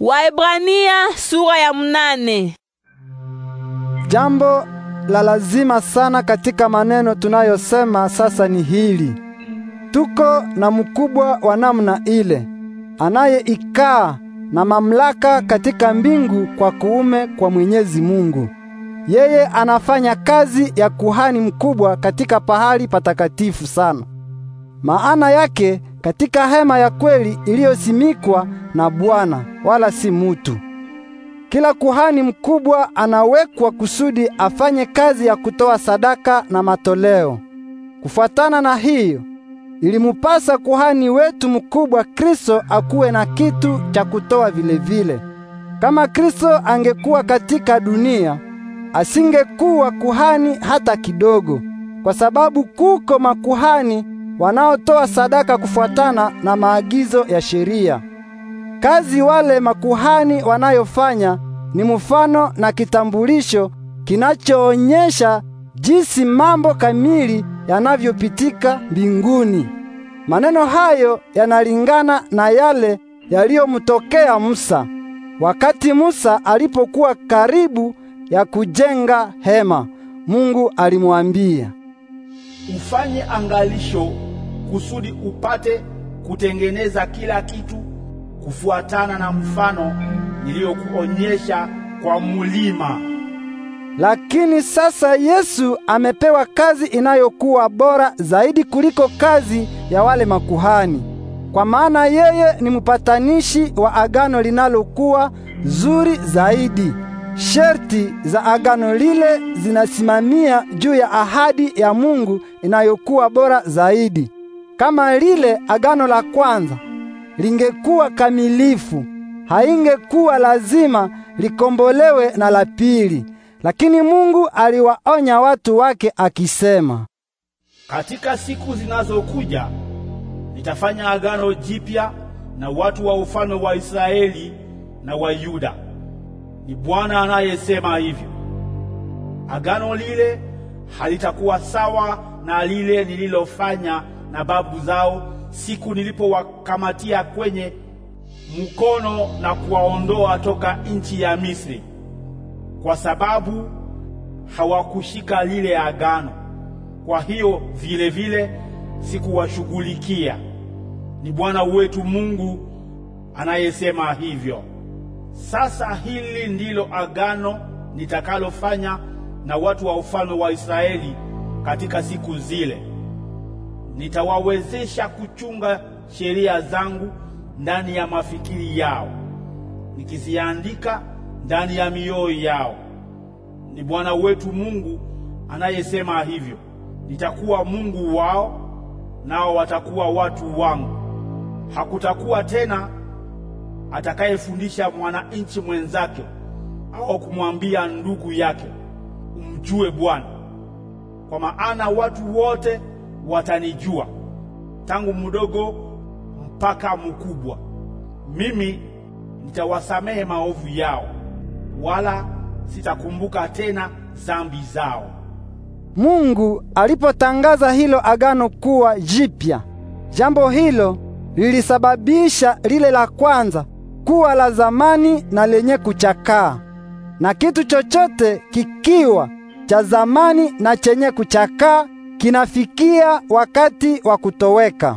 Waebrania sura ya mnane. Jambo la lazima sana katika maneno tunayosema sasa ni hili: tuko na mkubwa wa namna ile anayeikaa na mamlaka katika mbingu kwa kuume kwa Mwenyezi Mungu. Yeye anafanya kazi ya kuhani mkubwa katika pahali patakatifu sana. Maana yake katika hema ya kweli iliyosimikwa na Bwana, wala si mutu. Kila kuhani mkubwa anawekwa kusudi afanye kazi ya kutoa sadaka na matoleo. Kufuatana na hiyo, ilimupasa kuhani wetu mkubwa Kristo akuwe na kitu cha kutoa vilevile. Kama Kristo angekuwa katika dunia, asingekuwa kuhani hata kidogo, kwa sababu kuko makuhani wanaotoa sadaka kufuatana na maagizo ya sheria. Kazi wale makuhani wanayofanya ni mfano na kitambulisho kinachoonyesha jinsi mambo kamili yanavyopitika mbinguni. Maneno hayo yanalingana na yale yaliyomtokea Musa wakati Musa alipokuwa karibu ya kujenga hema. Mungu alimwambia ufanye angalisho kusudi upate kutengeneza kila kitu kufuatana na mfano niliyokuonyesha kwa mulima. Lakini sasa Yesu amepewa kazi inayokuwa bora zaidi kuliko kazi ya wale makuhani, kwa maana yeye ni mpatanishi wa agano linalokuwa zuri zaidi. Sherti za agano lile zinasimamia juu ya ahadi ya Mungu inayokuwa bora zaidi. Kama lile agano la kwanza lingekuwa kamilifu, haingekuwa lazima likombolewe na la pili. Lakini Mungu aliwaonya watu wake akisema, katika siku zinazokuja nitafanya agano jipya na watu wa ufalme wa Israeli na wa Yuda ni Bwana anayesema hivyo. Agano lile halitakuwa sawa na lile nililofanya na babu zao siku nilipowakamatia kwenye mkono na kuwaondoa toka nchi ya Misri, kwa sababu hawakushika lile agano. Kwa hiyo vile vile sikuwashughulikia. Ni Bwana wetu Mungu anayesema hivyo. Sasa hili ndilo agano nitakalofanya na watu wa ufalme wa Israeli katika siku zile, nitawawezesha kuchunga sheria zangu ndani ya mafikiri yao, nikiziandika ndani ya mioyo yao. Ni Bwana wetu Mungu anayesema hivyo. Nitakuwa Mungu wao, nao watakuwa watu wangu. Hakutakuwa tena atakayefundisha mwananchi mwenzake au kumwambia ndugu yake, umjue Bwana, kwa maana watu wote watanijua, tangu mdogo mpaka mkubwa. Mimi nitawasamehe maovu yao, wala sitakumbuka tena zambi zao. Mungu alipotangaza hilo agano kuwa jipya, jambo hilo lilisababisha lile la kwanza kuwa la zamani na lenye kuchakaa, na kitu chochote kikiwa cha zamani na chenye kuchakaa kinafikia wakati wa kutoweka.